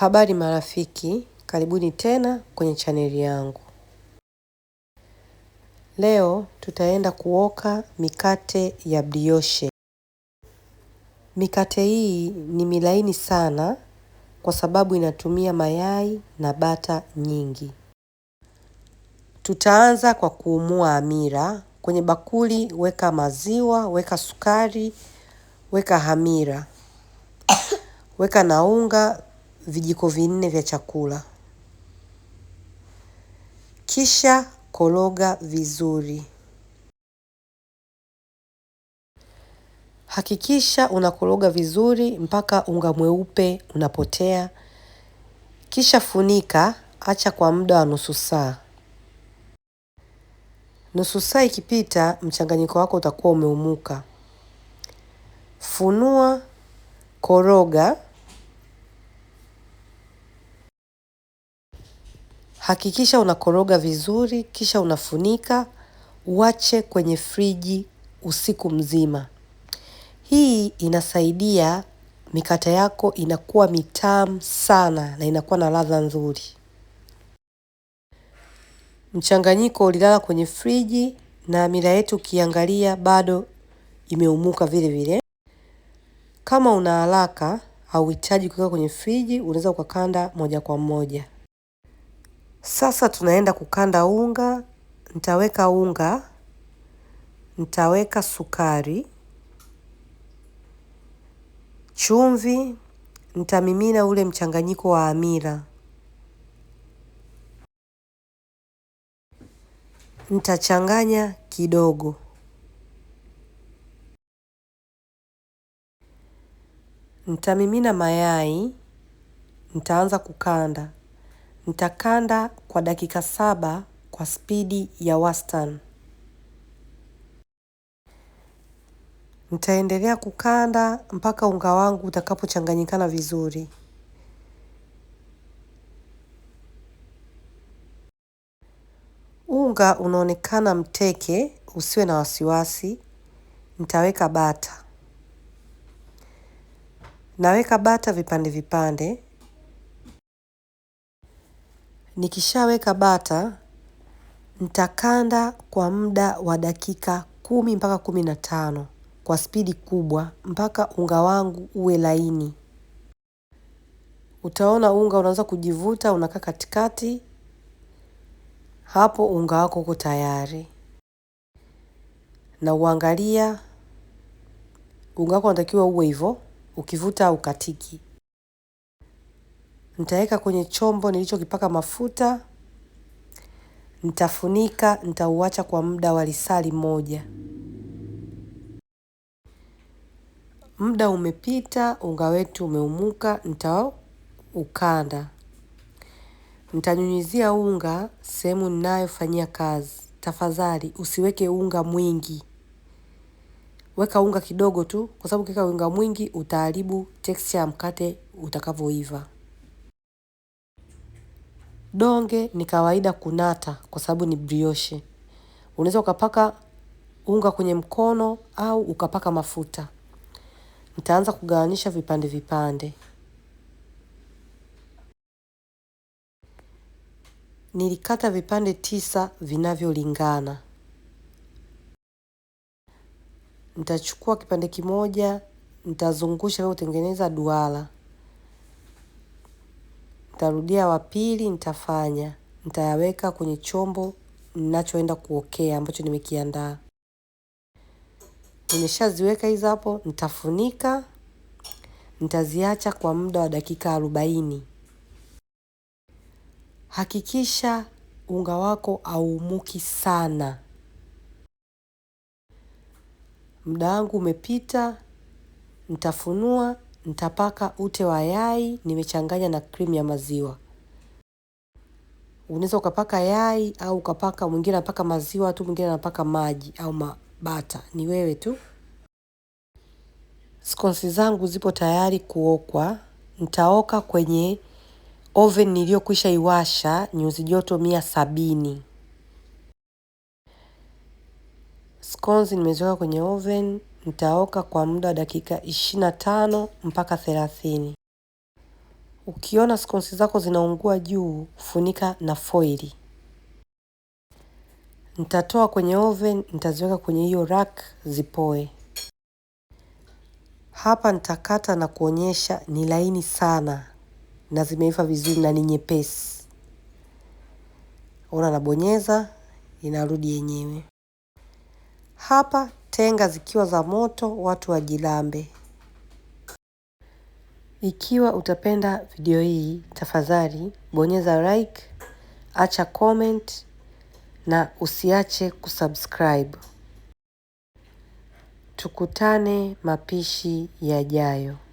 Habari marafiki, karibuni tena kwenye chaneli yangu. Leo tutaenda kuoka mikate ya brioche. Mikate hii ni milaini sana kwa sababu inatumia mayai na bata nyingi. Tutaanza kwa kuumua hamira. Kwenye bakuli weka maziwa, weka sukari, weka hamira, weka na unga vijiko vinne vya chakula, kisha koroga vizuri. Hakikisha unakoroga vizuri mpaka unga mweupe unapotea, kisha funika, acha kwa muda wa nusu saa. Nusu saa ikipita, mchanganyiko wako utakuwa umeumuka. Funua, koroga Hakikisha unakoroga vizuri, kisha unafunika, uache kwenye friji usiku mzima. Hii inasaidia mikate yako inakuwa mitamu sana na inakuwa na ladha nzuri. Mchanganyiko ulilala kwenye friji na mira yetu ukiangalia bado imeumuka vile vile. Kama una haraka hauhitaji kuweka kwenye friji, unaweza ukakanda moja kwa moja. Sasa tunaenda kukanda unga. Nitaweka unga, nitaweka sukari, chumvi, nitamimina ule mchanganyiko wa hamira, nitachanganya kidogo. Nitamimina mayai, nitaanza kukanda. Nitakanda kwa dakika saba kwa spidi ya wastani. Nitaendelea kukanda mpaka unga wangu utakapochanganyikana vizuri. Unga unaonekana mteke, usiwe na wasiwasi. Nitaweka bata. Naweka bata vipande vipande. Nikishaweka bata, nitakanda kwa muda wa dakika kumi mpaka kumi na tano kwa spidi kubwa mpaka unga wangu uwe laini. Utaona unga unaanza kujivuta, unakaa katikati. Hapo unga wako uko tayari, na uangalia unga wako unatakiwa uwe hivyo, ukivuta ukatiki. Nitaweka kwenye chombo nilichokipaka mafuta, nitafunika, nitauacha kwa muda wa lisali moja. Muda umepita, unga wetu umeumuka, nitaukanda. Nitanyunyizia unga sehemu ninayofanyia kazi. Tafadhali usiweke unga mwingi, weka unga kidogo tu, kwa sababu ukiweka unga mwingi utaharibu texture ya mkate utakavyoiva. Donge ni kawaida kunata kwa sababu ni brioche. Unaweza ukapaka unga kwenye mkono au ukapaka mafuta. Nitaanza kugawanisha vipande vipande. Nilikata vipande tisa vinavyolingana. Nitachukua kipande kimoja, nitazungusha kutengeneza duara nitarudia wa pili nitafanya, nitayaweka kwenye chombo ninachoenda kuokea ambacho nimekiandaa. Nimeshaziweka hizo hapo, nitafunika, nitaziacha kwa muda wa dakika arobaini. Hakikisha unga wako auumuki sana. Muda wangu umepita, nitafunua Nitapaka ute wa yai nimechanganya na cream ya maziwa. Unaweza ukapaka yai au ukapaka, mwingine anapaka maziwa tu, mwingine anapaka maji au mabata, ni wewe tu. Skonsi zangu zipo tayari kuokwa. Nitaoka kwenye oven niliyokwisha iwasha nyuzi joto mia sabini. Skonzi nimeziweka kwenye oven Nitaoka kwa muda wa dakika ishirini na tano mpaka thelathini. Ukiona skonsi zako zinaungua juu, funika na foili. Nitatoa kwenye oven, nitaziweka kwenye hiyo rack zipoe. Hapa nitakata na kuonyesha ni laini sana na zimeiva vizuri na ni nyepesi. Ona, nabonyeza inarudi yenyewe. Hapa tenga zikiwa za moto, watu wajilambe. Ikiwa utapenda video hii, tafadhali bonyeza like, acha comment na usiache kusubscribe. Tukutane mapishi yajayo.